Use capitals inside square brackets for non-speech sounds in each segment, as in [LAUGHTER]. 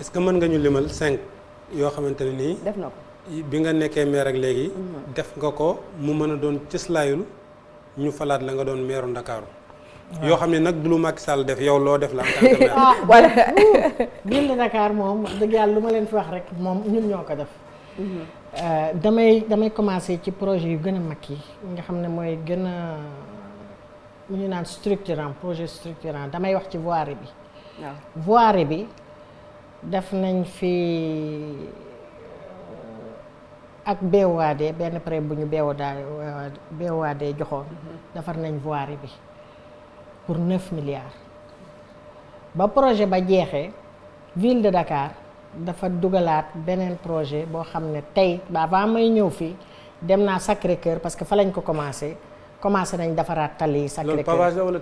est-ce que mën nga ñu limal cinq yoo xamante ne nii. def na ko bi nga nekkee maire ak léegi. Mhm. def nga ko mu mën a doon cëslaayul ñu falaat la nga doon meeru Ndakaaru. yoo xam ne nag du lu Macky sàll def yow loo def la. [LAUGHS] ah wala. [LAUGHS] ville de moom dëgg yàlla lu ma leen fi wax rek moom ñun ñoo ko def. Mhm. Euh, damay damay commencer ci projet yu gën a mag yi nga xam ne mooy gën a ñu naan structurant projet structurant damay wax ci voirie bi. voirie bi. def nañ fi euh, ak BOAD benn prêt bu ñu BOAD euh, joxoon mhm. defar nañ voirie bi pour neuf milliards ba projet ba jeexee ville de Dakar dafa dugalaat beneen projet boo xam ne tey avant may ñëw fii dem naa Sacré-Cœur parce que fa lañ ko commencé commencé nañ defaraat tali Sacré-Cœur loolu pavage la wala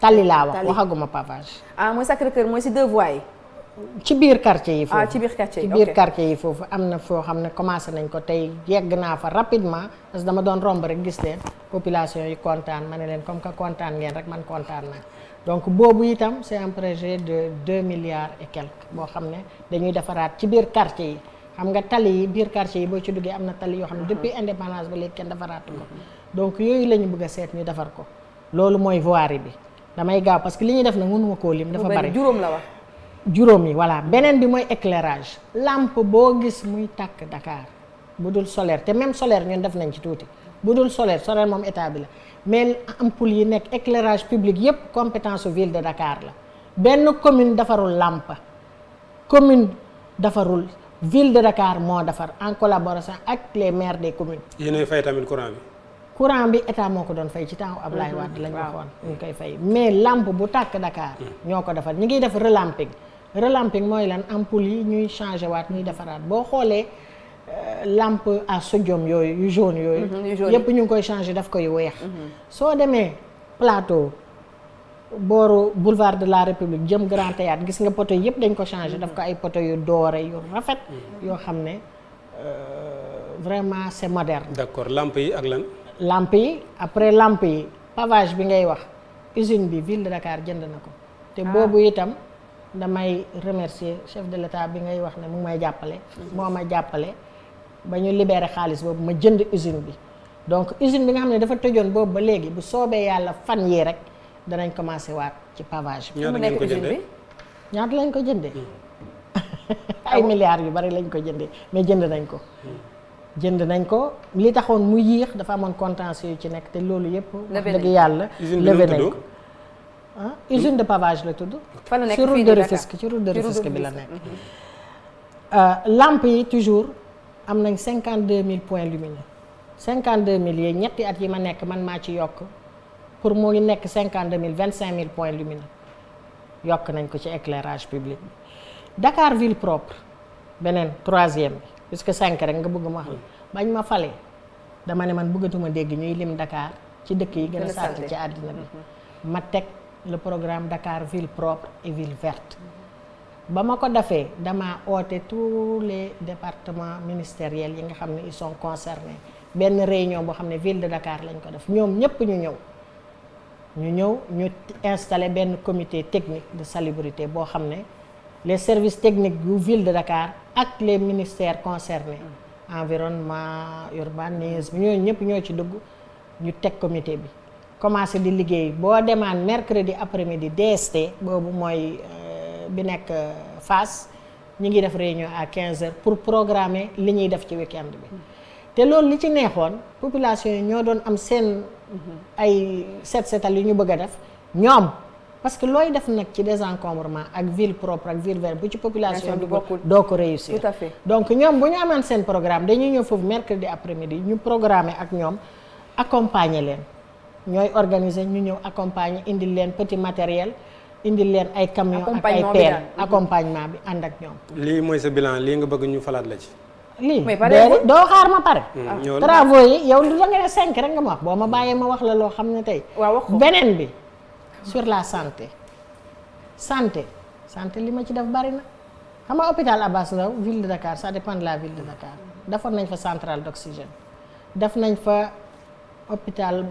tali. laa wax waxaguma pavage. ah mooy Sacré-Cœur mooy ci deux yi. ci biir quartier yi. Ah, foofu ci biir quartier yi biir quartier yi foofu am na foo xam ne commencé nañ ko tey yegg naa fa rapidement parce que dama doon romb rek gis leen population yi kontaan ma ne leen comme que kontaan ngeen rek man kontaan naa donc boobu itam c'est un projet de deux milliards et boo xam ne dañuy defaraat ci biir quartier yi xam nga tali yi biir quartier yi boo ci duggee am na tali yoo xam ne mhm. depuis indépendance ba léegi kenn defaraatu ko donc yooyu la ñu bëgg a seet ñu defar ko loolu mooy voirie bi damay gaaw parce que li ñuy def nag mënuma koo lim. dafa bari juróom la wax. juróom yi voilà beneen bi mooy éclairage làmp boo gis muy tàkk Dakar bu dul solaire te même solaire ñun def nañ ci tuuti bu dul solaire solaire moom état bi la mais ampoule yi nekk éclairage public yépp compétence su ville de Dakar la benn commune defarul làmp commune defarul ville de Dakar moo defar en collaboration ak les maires des communes. yéenay fay tamit courant bi. courant bi état moo ko doon fay ci temps Ablaye mhm. Wade lañ waxoon ñu koy fay mais lampe bu tàkk Dakar. Hmm. ñoo ko defar ñu ngi def relamping. relamping mooy lan ampoule yi ñuy changé waat ñuy defaraat boo xoolee euh, lamp à sodium yooyu yu jaune yooyu mhm, yëpp ñu ngi koy changé daf koy weex mhm. soo demee plateau booru boulevard de la république jëm grand théâtre gis nga poto yëpp dañ ko changé mhm. daf ko ay poto yu doore yu rafet yoo xam ne euh, vraiment c'est moderne d'accord lamp yi ak lan lampe yi après lamp yi pavage bi ngay wax usine bi ville de Dakar jënd na ko te ah. boobu itam damay remercier chef de l'État bi ngay wax ne mu ngi may jàppale moo ma jàppale ba ñu libéré xaalis boobu ma jënd usine bi donc usine bi nga xam ne dafa tëjoon boobu ba léegi bu soobee yàlla fan yii rek danañ commencé waat ci pavage bi. mu nekk usine bi [LAUGHS] ñaata lañ ko jëndee. Hmm. [LAUGHS] ay milliards yu bari lañ ko jëndee mais jënd nañ ko. jënd nañ ko li taxoon mu yéex dafa amoon contentieux yu ci nekk te loolu yëpp. dëgg yàlla levé nañ ko ah usine de pavage la tudd. fa la nekk ci route de Rufisque ci route de bi la nekk. Mhm. Euh, lampe yi toujours am nañ cinquante deux mille points lumineux cinquante deux mille ñetti at yi ma nekk man maa ci yokk pour mu ngi nekk cinquante deux mille vingt cinq mille points lumineux yokk nañ ko ci éclairage public bi. ville propre beneen troisième bi puisque cinq rek nga bëgg ma xam bañ ma falee dama ne man bëggatuma dégg ñuy lim ndakaar ci dëkk yi gën a sant ci àddina bi mhm. ma teg. le programme Dakar ville propre et ville verte ba ma ko defee dama oote tous les départements ministériels yi nga xam ne ils sont benn réunion boo xam ne ville de Dakar lañ ko def ñoom ñëpp ñu ñëw ñu ñëw ñu installé benn comité technique de salubrité boo xam ne les service techniques bu ville de Dakar ak les ministères concernés mm. environnement urbanisme ñooñu ñëpp ñoo ci dugg ñu teg comité bi commencé di liggéey boo demaan mercredi après-midi DST boobu mooy euh, bi nekk euh, Fass ñu ngi def réunion à 15 heures pour programme li ñuy def ci week bi te loolu li ci neexoon population yi ñoo doon am seen mm-hmm. ay set setal yu ñu bëgg a def ñoom parce que looy def nag ci désencombrement ak ville propre ak ville verte bu ci population bi doo ko réussir tout donc ñoom bu ñu amaan seen programme dañuy ñëw foofu mercredi après-midi ñu programme ak ñoom accompagner leen ñooy organiser ñu ñëw accompagner indi leen petit matériel indil leen ay camion ak ay peel mhm. accompagnement bi ànd ak ñoom. lii mooy sa bilan lii nga bëgg ñu falaat la ci. lii doo xaar ma pare. Mhm, ah. travaux yi yow lu nga ne cinq rek nga ma wax boo ma bàyyee ma wax la loo xam ne tey. beneen bi sur la santé. santé santé li ma ci def bari na xam nga hôpital Abass Ndao ville de Dakar ça dépend la ville de Dakar defoon nañ fa centrale d'oxygène def nañ fa. hôpital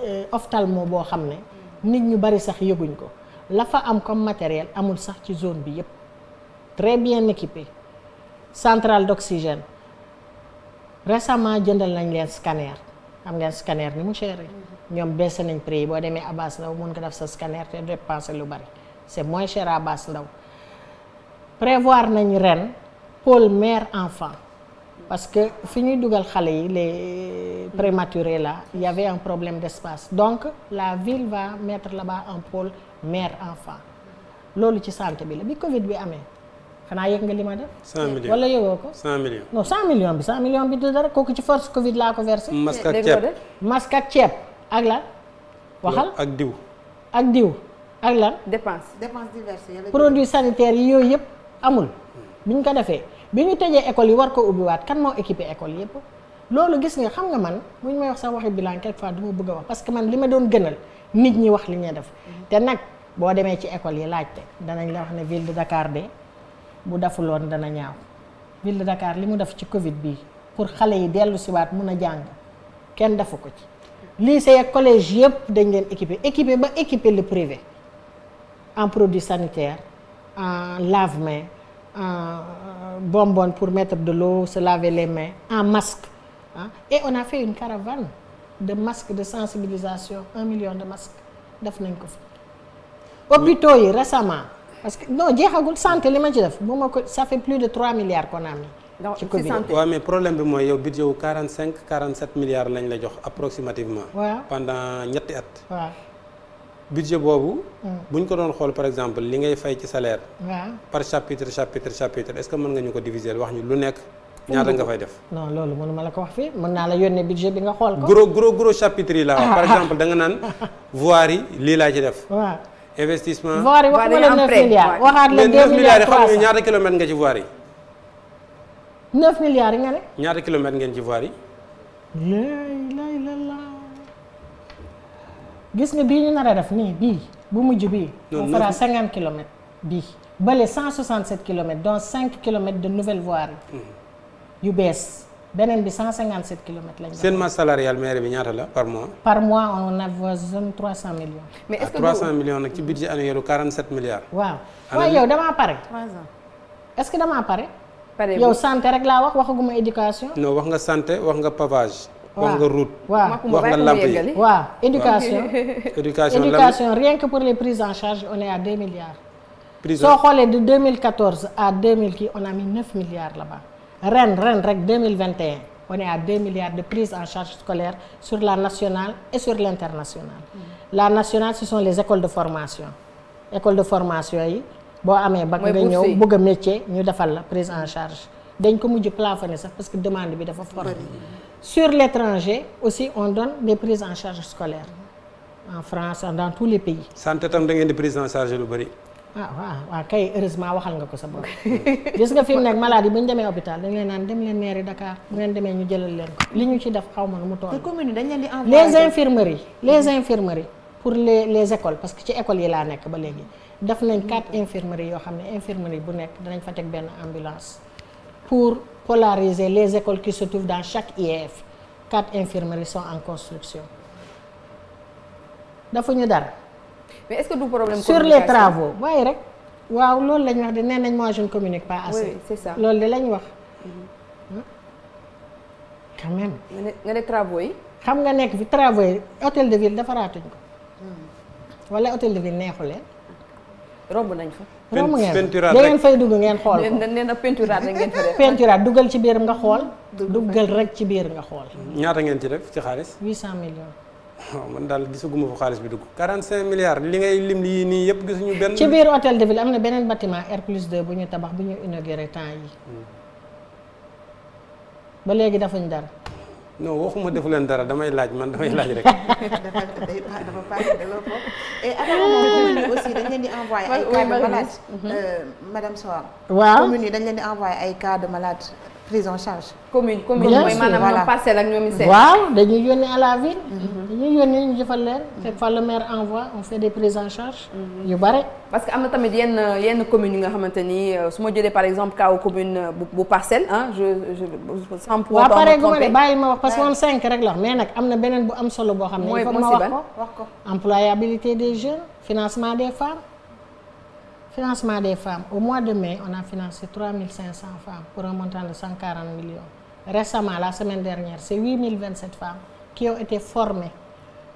euh, ophtalmo boo xam ne nit ñu bari sax yëguñ ko la fa am comme matériel amul sax ci zone bi yépp très bien équipé centrale d'oxygène récemment jëndal nañ leen scanner xam ngeen scanner ni mu cher ñoom baissé nañ prix yi boo demee Abass Ndao mun nga def sa scanner te dépensé lu bari c'est moins cher à Abass prévoir nañ ren pôle mère enfant parce que fi ñuy dugal xale yi les prématurés là il y avait un problème d'espace donc la ville va mettre là-bas un pôle mère enfant loolu ci santé bi la bi Covid bi amee xanaa yëg nga li ma def. 100 millions ko. 100 millions non bi 100 millions bi du dara kooku ci force Covid laa ko versé. masque ak ceeb masque ak ceeb waxal ak diw. ak diw ak la dépense dépense diverses. produits sanitaires yi yooyu yëpp amul hmm. bi ñu ko defee. bi ñu tëjee école yi war ko ubbiwaat kan moo équipé école yëpp loolu gis nga xam nga man mu ñu may wax sax waxi bilan quelque fois du ma bëgg a wax parce que man li ma doon gënal nit ñi wax li ñuy def mhm. te nag boo demee ci école yi laajte danañ la wax ne ville de Dakar de bu dafuloon dana ñaaw ville de Dakar li mu def ci Covid bii pour xale yi dellu siwaat mun a jàng kenn defu ko ci lycée ak collège yëpp dañ leen équipé équipé ba équipé le privé en produits sanitaires en lave-mains en euh, bonbonne pour mettre de l'eau, se laver les mains, en masque. on a fait une caravane de masques de sensibilisation, un million de masques def nañ ko fi. hôpitaux yi récemment. parce que non jeexagul santé li ma ci def bu ma ko ça fait plus de 3 milliards qu'on a mis. donc ci Covid bi waaw mais problème bi mooy yow budget wu 45 47 milliards lañ la jox approximativement. waaw pendant ñetti at. waaw. budget boobu. Hmm. bu ñu ko doon xool par exemple li ngay fay ci salaire. waaw par chapitre chapitre chapitre est-ce que mën nga ñu ko diviser wax ñu lu nekk. ñaata nga fay def. non loolu mënu ma la ko wax fii mën naa la yónnee budget bi nga xool ko. gros gros chapitre yi laa [LAUGHS] par exemple da nga naan voirie lii laa ci def. waaw investissement. voirie wax la 9 milliards waxaat la 2 milliards 300 xam nga ñaata kilomètre nga ci voirie. 9 milliards yi nga ne. ñaata kilomètre ngeen ci gis nga bii ñu nar a def nii bii bu mujj bii. on fera cinquante kilomètres bii. bële cent soixante sept kilomètres dont cinq kilomètres de nouvelle voirie. Mm-hmm. yu bees beneen bi cent cinquante sept kilomètres lañ. seen masse salariale maire bi ñaata la par mois. par mois on mais est trois cent millions nag ci budget annuel quarante sept milliards. waaw waaye yow damaa pare. est-ce que damaa pare. yow santé rek laa wax waxaguma éducation. non wax nga santé wax nga pavage. wax nga route. waaw wax na lamp yi éducation. éducation rien que pour les prises en charge on est à 2 milliards. prise soo xoolee de 2014 à 2000 kii on a mis 9 milliards là-bas ren ren rek 2021 on est à milliards de prises en charge scolaire sur la nationale et sur l'internationale. Mm. la nationale ce sont les écoles de formation école de formation yi boo amee. ba nga ñëw bëgg a métier ñu defal la prise en charge. dañ ko mujj plafonné sax parce que demande bi dafa fort sur l'étranger aussi on donne des prises en charge scolaires en France dans tous les pays. santé tam da ngeen di prise en charge lu bari. ah waaw waaw kay heureusement waxal nga ko sa bopp gis nga fi mu nekk malade yi ñu demee hôpital dañ leen naan dem leen mairie Dakar bu ngeen demee ñu jëlal leen ko li ñu ci def xaw ma nu mu toll. te commune dañ leen di envoyé les infirmeries les infirmeries pour les les écoles parce que ci écoles yi laa nekk ba léegi def nañ quatre infirmeries yoo xam ne infirmerie bu nekk danañ fa teg benn ambulance. pour polariser les écoles qui se trouvent dans chaque IEF quatre infirmeries sont en construction dafa ñu dara. mais est-ce que du sur les travaux waaye rek waaw loolu lañ wax de nee nañ moi je communique pas assez. oui loolu de lañ wax. Mm-hmm. quand même. nga yi. xam nga nekk fi travaux yi hôtel de ville dafa raatuñ ko. Mm. wala hôtel de ville neexu romb nañ fa. romb ngeen peinturaat ngeen fay dugg ngeen xool ko nee na peinturaat rek ngeen fa def. peinturaat dugal ci biir nga xool. dugal rek ci biir nga xool. ñaata ngeen ci def ci xaalis. cent millions. waaw oh, man daal gisaguma fa xaalis bi dugg. 45 milliards li ngay lim lii nii yëpp gisuñu benn. ci biir hôtel de ville am na beneen bâtiment R plus bu ñu tabax bu ñu inauguré temps yi hmm. ba léegi dafuñ dara. non waxuma defu leen dara damay laaj man damay laaj rek. dafa dafa paase delloo ko aussi dañ leen di envoyé. Euh, ay cas de malade. waaw commune dañ leen di envoyé ay cas de prise en charge. commune commune mooy maanaam ñoom parcelle ak ñoom seen. waaw dañuy à la ville. Mhm. dañuy yónni ñu jëfal leen. Mhm. fekk fa le maire envoie on fait des prises en charge. Mhm. yu bare. parce que am na tamit yenn yenn communes yi nga xamante ni euh, su ma jëlee par exemple kaw commune euh, bu bu parcelle ah je je sans pour autant ma trompé bàyyi ma wax parce que woon cinq rek la wax mais nag am na beneen bu am solo boo xam ne. mooy ma wax ko employabilité des jeunes financement des femmes. financement des femmes au mois de mai on a financé 3500 femmes pour un montant de 140 millions récemment la semaine dernière c' est 8027 femmes qui ont été formées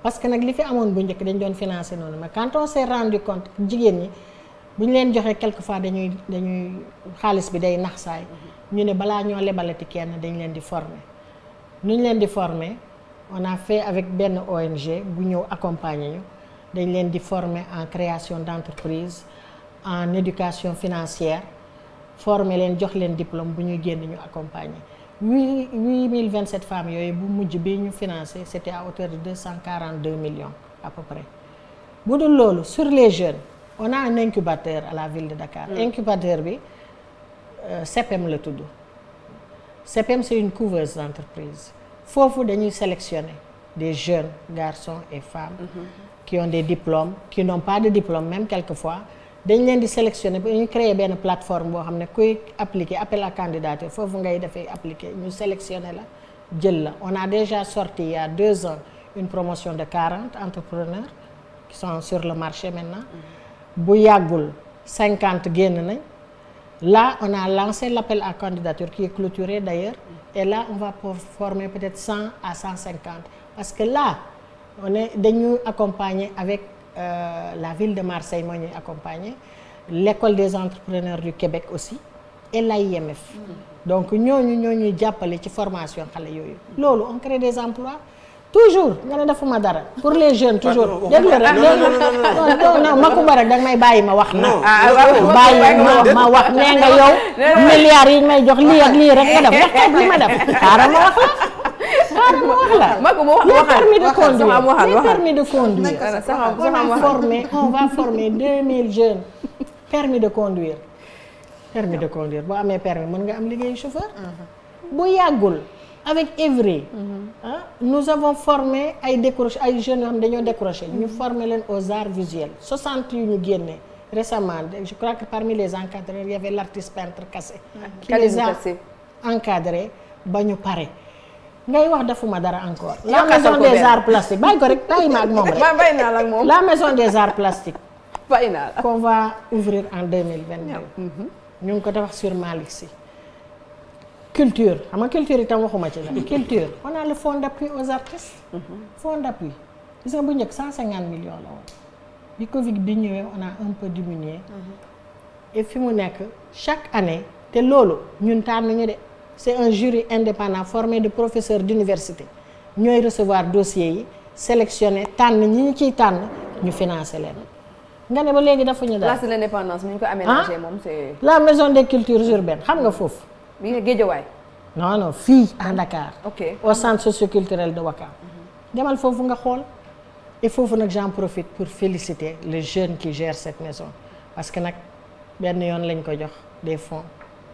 parce que nag li fi amoon bu njëkk dañ doon financé noonu ma quand on s' est rendu compte jigéen ñi bu ñu leen joxee quelque fois dañuy dañuy xaalis bi day nax saay ñu ne balaa ñoo lebalati kenn dañ leen di former nu ñu leen di former on a fait avec benn ONG bu ñëw accompagner ñu dañ leen di former en création d' en éducation financière former leen jox leen diplôme bu ñuy génn ñu accompagner huit huit mille vingt sept femmes yooyu bu mujj bi ñu financé c' était à hauteur de deux cent quarante deux millions à peu près bu dul loolu sur les jeunes on a un incubateur à la ville de Dakar. Mm. incubateur bi euh, CPM e la tudd. CPM c' e est une couveuse d' entreprise foofu dañuy sélectionner des jeunes garçons et femmes. Mm -hmm. qui des diplômes qui n'ont pas de diplôme même fois dañ leen di sélectionné ba ñu créer benn plateforme boo xam ne kuy appliquer appel à candidature foofu ngay defee appliquer ñu sélectionné la jël la on a déjà sorti il deux ans une promotion de 40 entrepreneurs qui sont sur le marché maintenant mm-hmm. bu yàggul 50 génn nañ là on a lancé l'appel à candidature qui est clôturé d'ailleurs mm-hmm. et là on va former peut-être 100 à 150 parce que là on est dañu accompagner avec Euh, la ville de Marseille moo ñuy accompagner l'école des entrepreneurs du Québec aussi et l'AIMF mm donc ñooñu ñoo ñuy jàppale ci formation xale yooyu loolu on des emplois toujours nga ne defuma dara pour les jeunes ah, toujours déglu rek non rek danga may bàyyi ma wax na ah, ah, bàyyi ma ma wax nee nga yow milliards yi may jox lii ak lii rek nga def wax li ma def [LAUGHS] xaaral ma wax ma ko les permis de conduire on a formé jeunes permis de conduire permis de conduire boo amee permis mën nga am liggéeyu chauffeur bu yàggul avec Evry ah nous avons formé ay décroché ay jeunes yoo xam dañoo décroché ñu forme leen aux arts visuels 60 yu ñu génne récemment je crois que parmi les encadrés il y avait l'artiste peintre Kassé qui les a encadrés ba ñu pare ngay wax defuma dara encore. la maison des arts plastiques bàyyi ko rek bàyyi ma ak moom rek. la ak maison des arts plastiques. bàyyi ouvrir en deux mille vingt mhm. ñu ngi ko tabax sur Malick culture xam nga culture tam waxuma ci la. culture on a le fonds d'appui aux artistes. Mhm. fonds d'appui gis nga bu njëkk cent cinquante millions la woon. bi Covid bi ñëwee on a un peu diminué. Mhm. et fi mu nekk chaque année te loolu ñun tànn ñu de. c'est un jury indépendant formé de professeurs d'université ñooy recevoir dossier yi sélectionné tànn ñi ñu ciy tànn ñu financé leen. nga ne ba léegi ñu daal place de l'indépendance ñu ko aménagé ah? moom c'est la maison des cultures urbaines xam nga foofu. bi nga Guédiawaye. non non fii à Dakar. ok au centre socioculturel de Ouakam. Mhm. demal foofu nga xool. et foofu nag j'en profite pour féliciter les jeunes qui gèrent cette maison parce que nag benn yoon lañ ko jox des fonds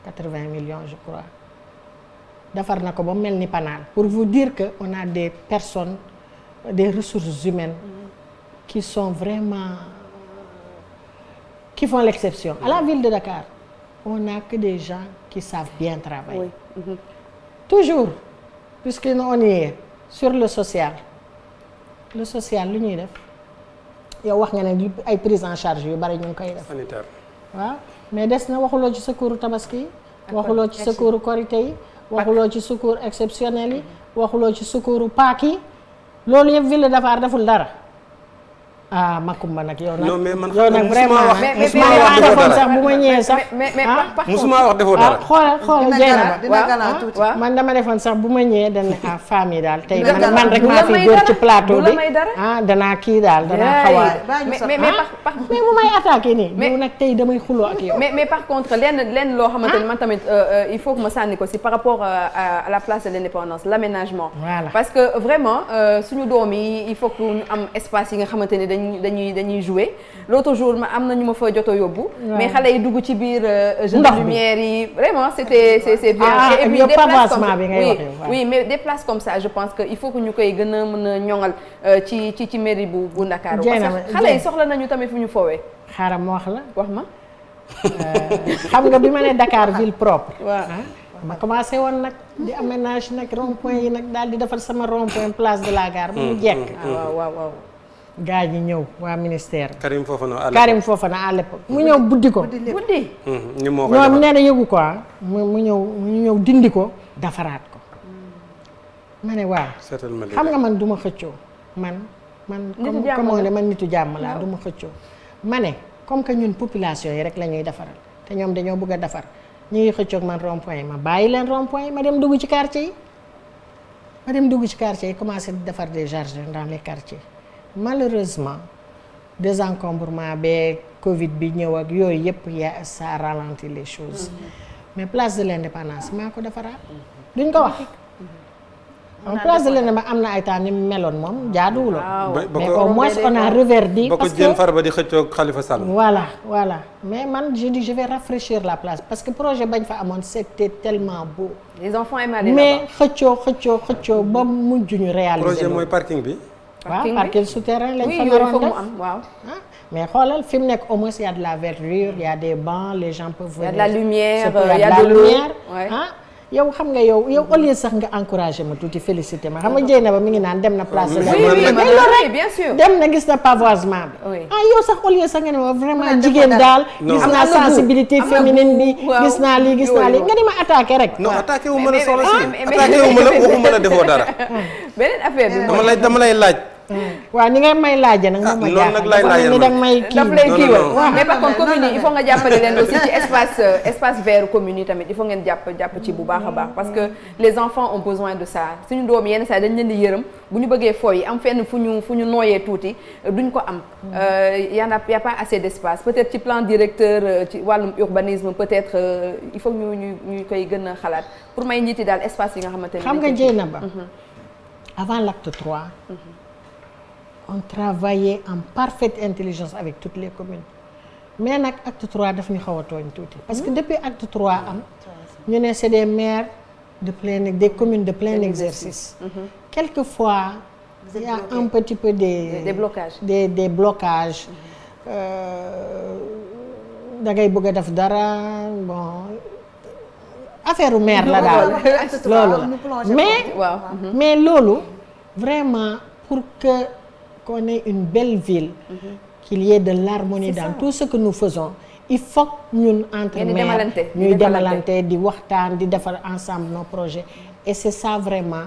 quatre-vingts millions je crois. defar na ko ba mel ni panaan pour vous dire que on a des personnes des ressources humaines qui son vraiment qui font l'exception à la ville de Dakar on n'a que des gens qui savent bien travailler oui. toujours puisque on y sur le social le social lu ñuy def yow wax nga ne ay prise en charge yu bari ñu ngi koy def sanitaire mais des na waxuloo ci secours tabaski waxuloo ci secours korité yi waxuloo ci secours exceptionnel yi waxuloo ci secours paak yi loolu yëpp ville de Dakar deful dara ah Makumba nag yow nag. non mais man yow nag vraiment musuma wax defoo dara sax bu ma ñëwee sax. Ah. a ah, man dama defoon sax bu ma ñëwee dañ ne ah daal tey man rek maa fi ci plateau bi ah kii daal danaa xaw a. mais mais ah. may attaqué nii. mais nag tey damay xuloo ak yow. mais par contre lenn lenn loo xamante ne man tamit euh, euh, il faut que ma sànni ko si par rapport euh, à la place de l'indépendance l'aménagement. voilà parce que vraiment suñu doom il faut que am espace yi nga xamante ne dañuy dañuy dañuy jouer l'autre jour ma am na ñu ma fa joto yóbbu mais xale yi dugg ci biir euh, jeu de lumière yi vraiment c'était c'est c'est bien ah, et ah, puis des places comme ça oui oui je pense que il faut que ñu koy gën a mën a ñoŋal euh, ci ci ci mairie bu bu Ndakaaru parce que xale yi soxla nañu tamit fu ñu foowee xaaral ma wax la wax ma euh, xam nga bi ma ne Dakar ville propre [LAUGHS] ah, ma commencé woon nag di aménage nag rond point yi nag daal di defal sama rond point place de la gare. mu mm, jekk mm, mm. gaa ñi ñëw waa ministère bi. Karim Fofana à l'époque Karim mu ñëw buddi ko buddi. ni moo koy ñoom nee na yëgu ko ah. mu mu ñëw mu ñëw dindi ko defaraat ko. ma ne waaw. xam nga man du ma xëccoo man. man comme comme on dit man nitu jàmm laa ma xëccoo. ma ne comme que ñun population yi rek la ñuy defaral te ñoom dañoo bëgg defar ñu ngi xëccoog man rond ma bàyyi leen rond point ma dem dugg ci quartier yi. ma dem dugg ci quartier yi commencé di defar des charges dans les quartiers. malheureusement des désencombrement beeg Covid bi ñëw ak yooyu yëpp ya ça ralentit les choses mm-hmm. mais place de l'indépendance maa ko defaraat mm-hmm. duñ ko wax. Mm-hmm. en place de l'indépendance am na ay temps ni meloon moom jaaduwul. mais a reverdi. parce que ba ko jën farba di xëccoog Khalifa Sall. voilà voilà mais man je dis je vais rafraîchir parce que projet bañ fa amoon c'était tellement beau. les enfants aimaient mais xëccoo xëccoo xëccoo ba mujj ñu réaliser. mooy parking bi. waa bi waaw parking souterrain lañ fa naroon def am waaw. Ah, xoolal fi mu nekk au moins y a de la verdure y a des bancs les gens peuvent. venir a de la lumière a de ah, yow xam nga yow yow au lieu sax nga encouragé ma tuuti félicité ma xam nga jéy na ba mi ngi naan dem na place de la rek bien sûr dem na gis na pavoisement bi ah yow sax au lieu sax nga ne ma vraiment jigéen gis naa lii gis naa lii nga ni ma attaqué rek non attaqué wu la soxla si attaqué wu la defoo dara [LAUGHS] dama lay laaj waaw ni ngay may laaje nag moom ah, ma jaaxal ni may kii daf lay kiiwal mais jàppale leen aussi ci yi euh, tamit il ngeen jàpp jàpp ci bu baax a baax parce que les enfants ont besoin de ça suñu doom yenn saa dañ leen di yërëm bu ñu bëggee fooy am fenn fu ñu fu ñu nooyee tuuti euh, duñ ko am euh, y en a y a pas assez d'espace peut-être ci plan directeur ci wàllum urbanisme peut-être il faut ñu ñu ñu koy gën a xalaat pour may njiiti daal espace yi nga xamante ne xam nga jéy na ba avant l'acte 3 on travaillait en parfaite intelligence avec toutes les communes mais nag acte trois daf ñu xaw a tooñ tuuti. parce que hmm? depuis acte trois am. Hmm, ñu ne c'est des maires de plein des communes de plein exercice. Hmm. quelquefois. il y a un petit peu de des blocages des des blocages. Euh, da ngay bëgg a def dara bon affaire maire la daal loolu mais mais loolu vraiment pour que. qu'on ait une belle ville. Mm -hmm. de l'harmonie dans tout ce que nous faisons. il faut ñun entre maires ñuy demalante di waxtaan di defar ensemble nos projets et c'est ça vraiment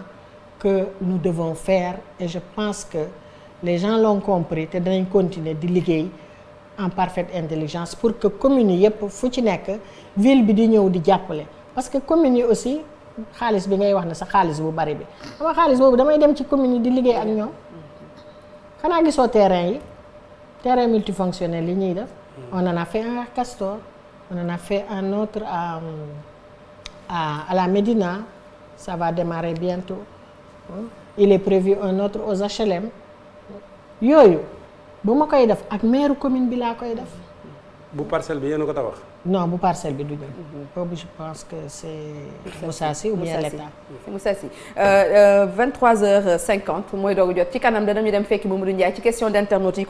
que nous devons faire et je pense que les gens l'ont compris te danañ continuer di liggéey en parfaite intelligence pour que commune yi yëpp fu ci nekk ville bi di ñëw di jàppale parce que communes yi aussi xaalis bi ngay wax ne sa xaalis bu bari bi ama damay dem ci commune yi di liggéey ak ñoom xanaa gisoo terrain yi terrain multifonctionnel yi ñuy def. Hmm. on en a fait un à Castor on en a fait un autre à à, à la Médina ça va démarrer bientôt hmm. il est prévu un autre aux HLM yooyu bu ma koy def ak maire commune bi laa koy def. bu parcelle bi yéen a ko tabax. non bu parcelle bi du ñun. boobu je pense que c' est. ou bien l' État. c' est Moussa euh, euh, mooy doog a jot ci kanam danañu dem fekki Mamadou Ndiaye ci question d'